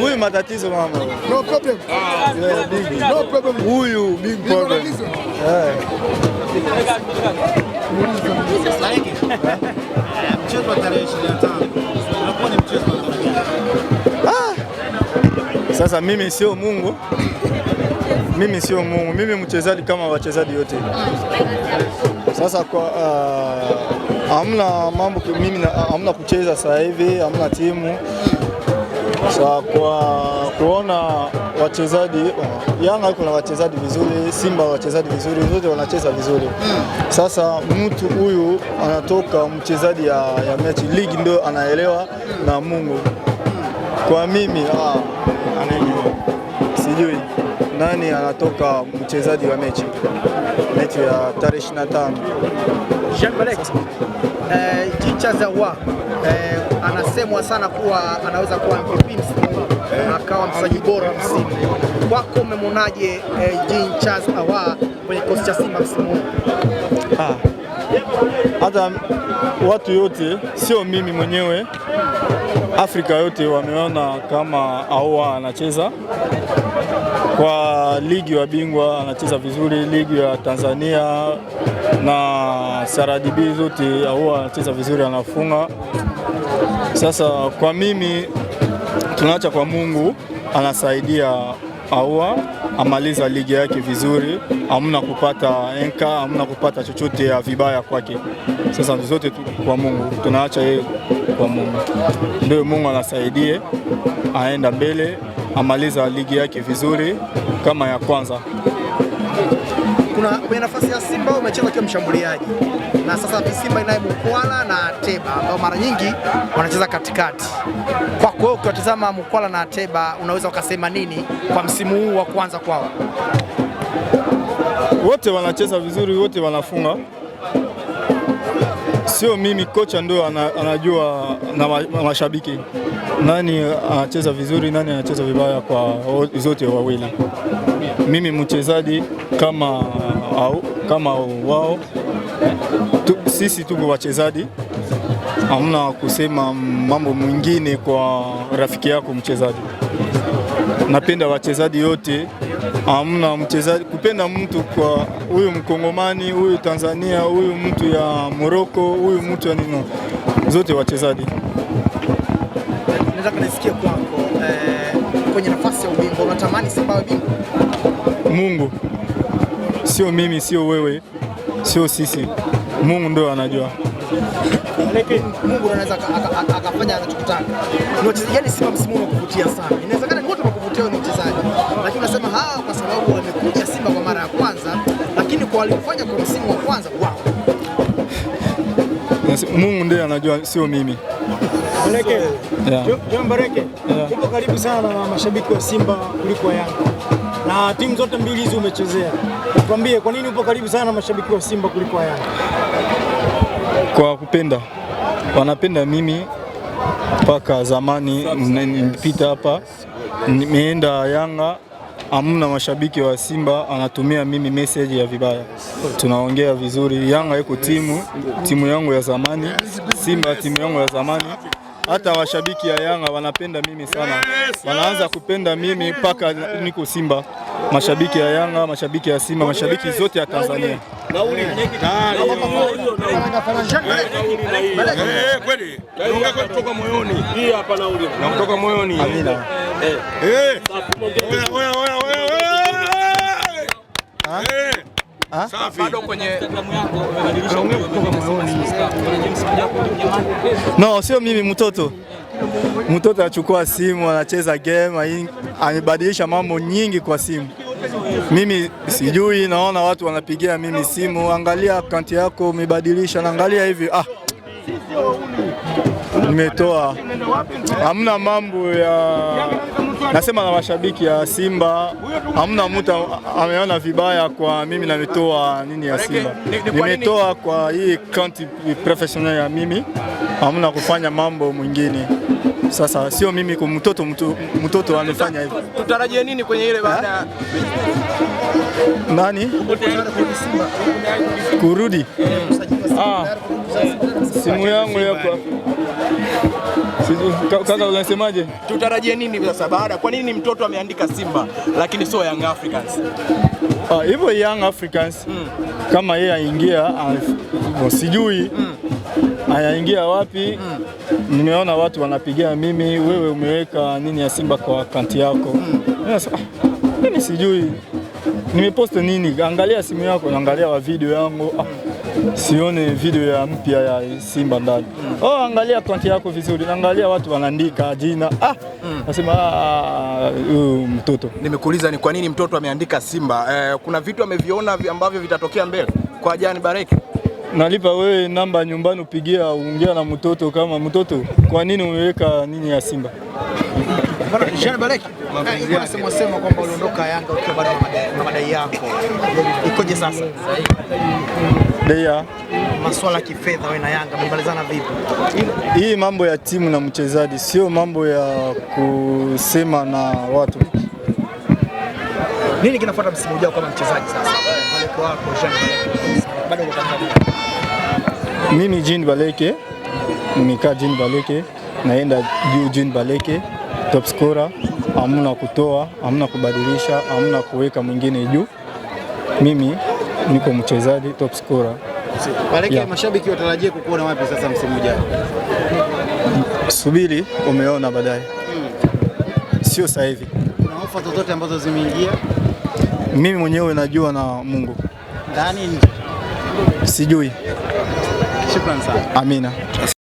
Huyu matatizo mama. No problem. Ah. Yeah, big. No problem. Huyu big problem. Eh. Ah. Sasa mimi sio Mungu. Mimi sio Mungu. Mimi mchezaji kama wachezaji yote Sasa kwa uh, ah, amna mambo mimi hamna kucheza sasa hivi, hamna timu. So, kwa kuona wachezaji Yanga kuna wachezaji vizuri, Simba wachezaji vizuri, wote wanacheza vizuri. Sasa mtu huyu anatoka mchezaji ya, ya mechi ligi ndio anaelewa na Mungu. Kwa mimi ah, anajua sijui nani anatoka mchezaji wa mechi mechi ya tarehe 25 Jean Balek eh, Chicha Zawa eh, anasemwa sana kuwa anaweza kuwa MVP eh, akawa msaji bora msimu. Kwako umemwonaje eh, Jean Charles Awa kwenye kikosi cha Simba msimu? Ah, hata watu yote sio mimi mwenyewe, Afrika yote wameona kama Awa anacheza kwa ligi bingwa anacheza vizuri ligi ya Tanzania na CRDB zote huwa anacheza vizuri, anafunga. Sasa kwa mimi tunaacha kwa Mungu, anasaidia aua amaliza ligi yake vizuri, amna kupata enka, amna kupata chochote ya vibaya kwake. Sasa zote kwa Mungu, tunaacha yeye kwa Mungu, ndio Mungu anasaidie aenda mbele amaliza ligi yake vizuri kama ya kwanza. Kuna kwenye nafasi ya Simba umecheza kwa mshambuliaji na sasa Simba inaye mkwala na Ateba ambao mara nyingi wanacheza katikati. Kwako wewe ukiwatazama Mkwala na Ateba, unaweza ukasema nini kwa msimu huu wa kwanza kwao? Wote wanacheza vizuri, wote wanafunga sio mimi, kocha ndio anajua na mashabiki nani anacheza vizuri, nani anacheza vibaya, kwa zote wawili. Mimi mchezaji kama au, kama wao tu, sisi tuko wachezaji, hamna kusema mambo mwingine kwa rafiki yako mchezaji napenda wachezaji wote, amna mchezaji kupenda mtu kwa huyu Mkongomani, huyu Tanzania, huyu mtu ya Moroko, huyu mtu ya nino, zote wachezaji eh, kwenye nafasi ya ubingwa unatamani Simba ubingwa? Mungu, sio mimi, sio wewe, sio sisi. Mungu ndio anajua. Mungu anaweza akafanya anachokutaka. Ni wachezaji gani Simba msimu unakuvutia sana? Inawezekana lakini unasema hawa kwa sababu wamekuja Simba kwa mara ya kwanza, lakini kwa walifanya kwa msimu wa kwanza wao Mungu ndiye anajua, sio mimi. Mbareke. Yeah. John Yeah. Uko karibu sana na mashabiki wa Simba kuliko Yanga na timu zote mbili hizi umechezea, tuambie kwa nini upo karibu sana na mashabiki wa Simba kuliko Yanga? Kwa kupenda, wanapenda mimi mpaka zamani nilipita hapa nimeenda Yanga amna mashabiki wa Simba anatumia mimi message ya vibaya, tunaongea vizuri. Yanga iko timu timu yangu ya zamani, Simba timu yangu ya zamani. Hata washabiki ya Yanga wanapenda mimi sana, wanaanza kupenda mimi mpaka niko Simba. Mashabiki ya Yanga, mashabiki ya Simba, mashabiki zote ya Tanzania kutoka moyoni, kutoka moyoni. Amina. Eh. Eh. Eh, no, sio mimi, mtoto mtoto anachukua simu anacheza game, amebadilisha mambo nyingi kwa simu. Mimi sijui, naona watu wanapigia mimi simu, angalia account yako umebadilisha, naangalia hivi ah, nimetoa. Hamna mambo ya Nasema na mashabiki ya Simba, hamna mtu ameona vibaya kwa mimi. Nametoa nini ya Simba, nimetoa kwa hii county professional ya mimi, hamna kufanya mambo mwingine. Sasa sio mimi kwa mtoto, mtoto amefanya hivyo. Tutarajie nini kwenye ile baada nani kurudi? Ah, simu yangu yako. kaka, unasemaje? Tutarajie nini sasa baada sana. Kwa nini mtoto ameandika Simba lakini sio Young Africans? Ah, hivyo uh, Young Africans mm. kama yeye aingia ah, oh, sijui mm. Ayaingia wapi? mm. Nimeona watu wanapigia mimi, wewe umeweka nini ya Simba kwa akaunti yako? Hmm. Mimi sijui nimeposti nini, angalia simu yako, angalia wa video yangu mm sione video ya mpya ya Simba ndani. Oh, angalia akaunti yako vizuri, angalia watu wanaandika jina ah, mm. nasema ah, uh, mtoto. Nimekuuliza ni kwa nini mtoto ameandika Simba. Eh, kuna vitu ameviona ambavyo vitatokea mbele kwa Jani Bareki. Nalipa wewe namba nyumbani, upigia uongea na mtoto, kama mtoto, kwa nini umeweka nini ya Simba? Jean Balek, sema kwamba uliondoka Yanga ukiwa bado na madai yako, ikoje sasa? Deia, masuala ya kifedha wewe na Yanga vipi? Hii mambo ya timu na mchezaji sio mambo ya kusema na watu. Nini kinafuata msimu ujao kama mchezaji sasa? Jean Balek bado Mimi Jean Baleke, nikaa Jean Baleke, naenda juu Jean Baleke top scorer, hamna kutoa, hamna kubadilisha, hamna kuweka mwingine juu. Mimi niko mchezaji top scorer. Maleke, mashabiki watarajie kukuona wapi sasa msimu ujao? Subiri umeona baadaye, hmm. sio sasa hivi. Kuna ofa zozote ambazo zimeingia? Mimi mwenyewe najua na Mungu ndani sijui. Shukrani sana. Amina.